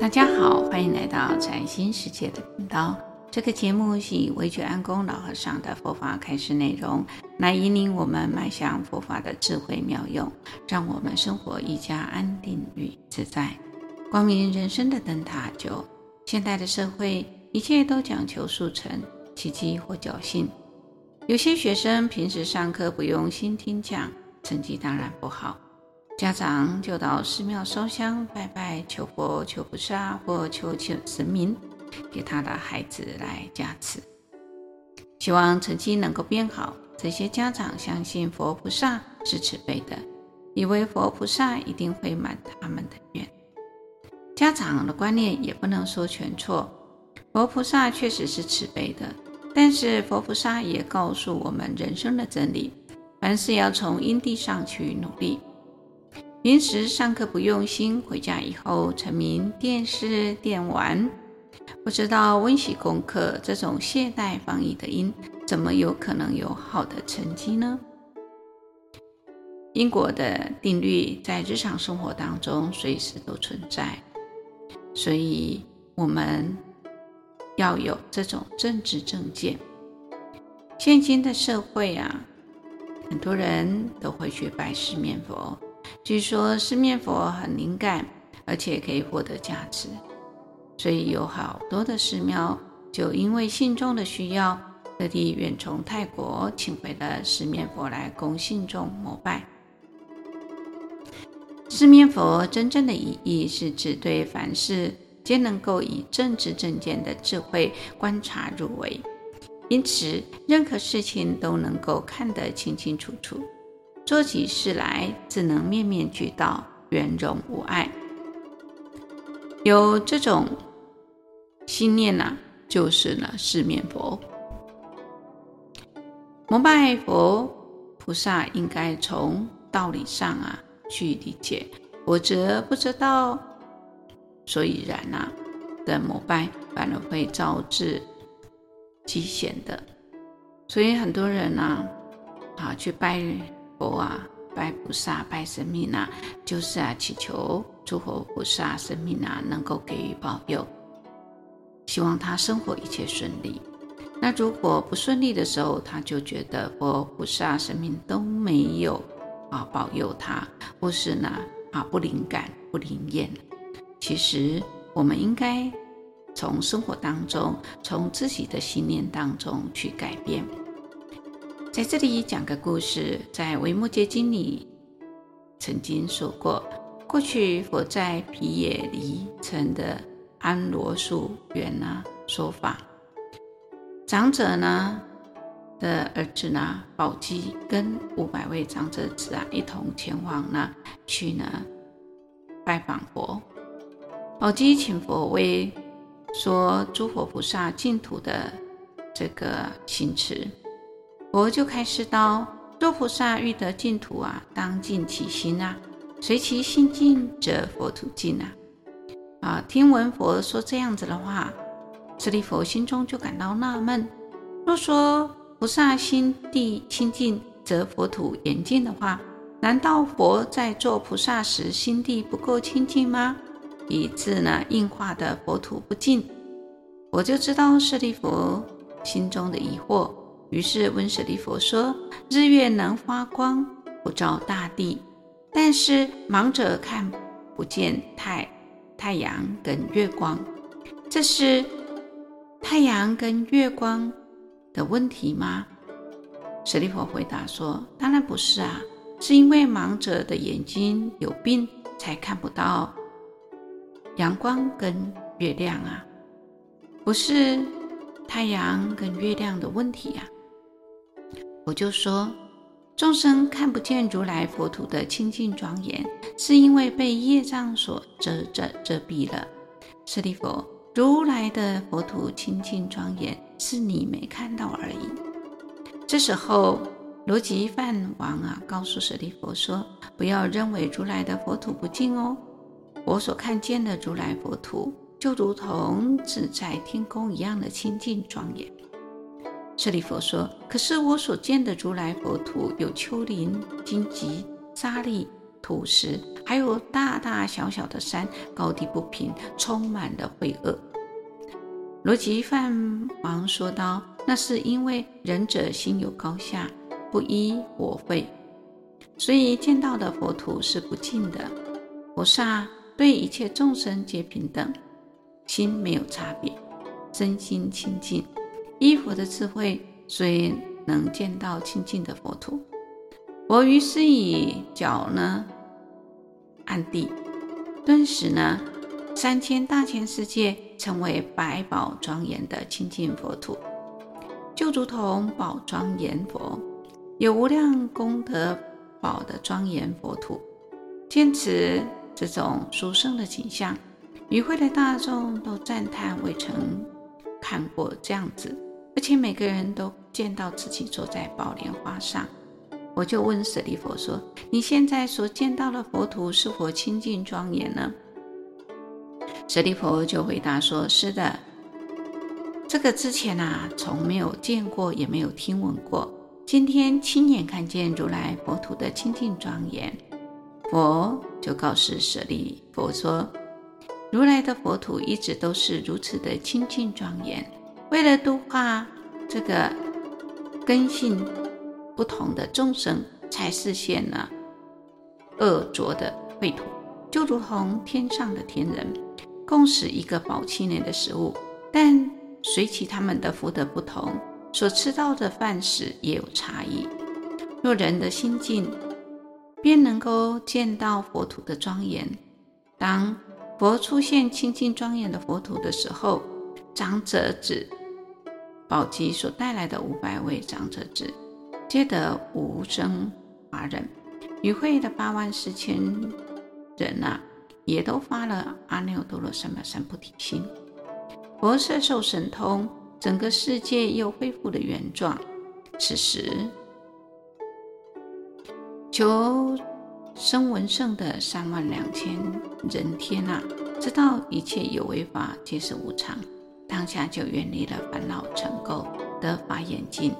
大家好，歡迎來到嶄新世界的頻道。這個節目是以惟覺安公老和尚的佛法開示內容，來引領我們邁向佛法的智慧妙用，讓我們生活更加安定與自在，光明人生的燈塔。九，現代的社會一切都講求速成、奇蹟或僥倖。有些學生平時上課不用心聽講，成績當然不好。家長就到寺廟燒香拜拜，求佛、求菩薩或求請神明給他的孩子來加持，希望成績能夠變好。這些家長相信佛菩薩是慈悲的，以為佛菩薩一定會滿他們的願。家長的觀念也不能說全錯，佛菩薩確實是慈悲的，但是佛菩薩也告訴我們人生的真理，凡事要從因地上去努力。平時上課不用心，回家以後沉迷電視、電玩，不知道溫習功課，這種懈怠放逸的因，怎麼有可能有好的成績呢？因果的定律在日常生活當中隨時都存在，所以我們要有這種正知正見。現今的社會啊，很多人都會去拜四面佛。據說四面佛很靈驗，而且可以獲得加持，所以有好多的寺廟就因為信眾的需要，特地遠從泰國請回了四面佛來供信眾膜拜。四面佛真正的意義是指對凡事皆能夠以正知正見的智慧觀察入微，因此任何事情都能夠看得清清楚楚。做起事來自能面面俱到，圓融無礙。有這種信念吶、啊，就是呢，四面佛。膜拜佛菩薩應該從道理上啊去理解，否則不知道所以然吶、啊，的膜拜反而會招致極險的。所以很多人啊，去拜。佛啊，拜菩薩、拜神明啊，就是啊，祈求諸佛菩薩、神明啊，能夠給予保佑，希望他生活一切順利。那如果不順利的時候，他就覺得佛菩薩、神明都沒有啊保佑他，或是呢啊不靈感、不靈驗。其實，我們應該從生活當中，從自己的信念當中去改變。在這裡講個故事，在《維摩詰經》裡曾經說過，過去佛在毗耶離城的安羅樹園呢說法，長者呢的兒子呢寶積，跟五百位長者子啊一同前往呢去呢拜訪佛，寶積請佛為說諸佛菩薩淨土的這個行持。佛就開示道：“若菩薩欲得淨土啊，當淨其心啊，隨其心淨，則佛土淨啊。”啊，聽聞佛說這樣子的話，舍利弗心中就感到納悶：若說菩薩心地清淨，則佛土嚴淨的話，難道佛在做菩薩時心地不夠清淨嗎？以致呢，應化的佛土不淨？我就知道舍利弗心中的疑惑。於是，問舍利佛說：“日月能發光，不照大地，但是盲者看不見太太陽跟月光，這是太陽跟月光的問題嗎？”舍利佛回答說：“當然不是啊，是因為盲者的眼睛有病，才看不到陽光跟月亮啊，不是太陽跟月亮的問題呀、啊。”我就說，眾生看不見如來佛土的清淨莊嚴，是因為被業障所遮遮遮蔽了。舍利弗，如來的佛土清淨莊嚴，是你沒看到而已。這時候，螺髻梵王啊，告訴舍利弗說：“不要認為如來的佛土不淨哦，我所看見的如來佛土，就如同自在天宮一樣的清淨莊嚴。”舍利弗說：“可是我所見的如來佛土有丘陵、荊棘、沙礫、土石，還有大大小小的山，高低不平，充滿了穢惡。”螺髻梵王說道：“那是因為仁者心有高下，不依佛慧，所以見到的佛土是不淨的。菩薩對一切眾生皆平等，心沒有差別，身心清淨。”依佛的智慧，所以能見到清淨的佛土。佛於是以腳呢按地，頓時呢，三千大千世界成為百寶莊嚴的清淨佛土，就如同寶莊嚴佛有無量功德寶的莊嚴佛土，見此這種殊勝的景象，與會的大眾都讚嘆未曾看過這樣子。而且每個人都見到自己坐在寶蓮花上，我就問舍利弗說：“你現在所見到的佛土是否清淨莊嚴呢？”舍利弗就回答說：“是的，這個之前啊，從沒有見過，也沒有聽聞過，今天親眼看見如來佛土的清淨莊嚴。”佛就告訴舍利弗說：“如來的佛土一直都是如此的清淨莊嚴。”為了度化這個根性不同的眾生，才示現了惡濁的穢土，就如同天上的天人共食一個寶器內的食物，但隨其他們的福德不同，所吃到的飯食也有差異。若人的心境，便能夠見到佛土的莊嚴。當佛出現清淨莊嚴的佛土的時候，長者子。寶積所帶來的五百位長者子，皆得無生法忍，與會的八萬四千人吶、啊，也都發了阿耨多羅三藐三菩提心。佛攝受神通，整個世界又恢復了原狀。此時，求聲聞乘的三萬兩千人天吶、啊，知道一切有為法皆是無常。當下就遠離了煩惱塵垢，得法眼淨，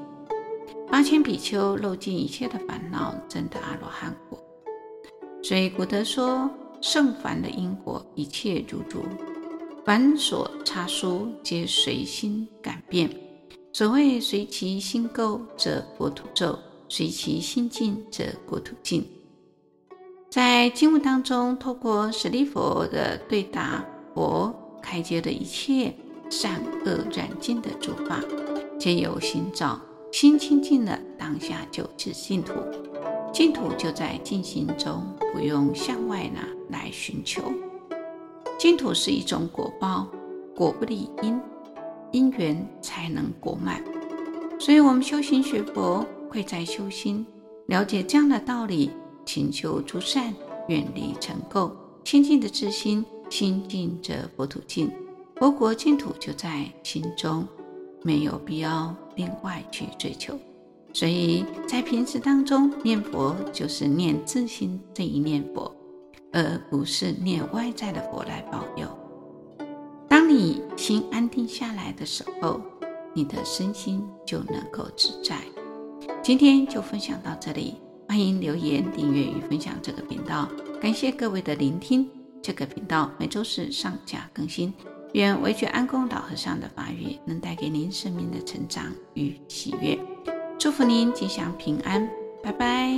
八千比丘漏盡一切的煩惱，證得阿羅漢果。所以古德說：“聖凡的因果，一切如如，凡所差殊，皆隨心改變。”所謂隨其構國土“隨其心垢，則國土垢；隨其心淨，則國土淨。在經文當中，透過舍利弗的對答，佛開解的一切。善惡染淨的諸法皆由心造，心清淨了，當下就是淨土。淨土就在淨心中，不用向外呢來尋求。淨土是一種果報，果不離因，因緣才能果滿。所以，我們修行學佛貴在修心，了解這樣的道理，勤修諸善，遠離塵垢，清淨的自心，心淨則佛土淨。佛國淨土就在心中，沒有必要另外去追求。所以在平時當中念佛，就是念自心這一念佛，而不是念外在的佛來保佑。當你心安定下來的時候，你的身心就能夠自在。今天就分享到這裡，歡迎留言、訂閱與分享這個頻道。感謝各位的聆聽，這個頻道每周四上架更新。願維覺安公老和尚的法語能帶給您生命的成長與喜悅，祝福您吉祥平安，拜拜。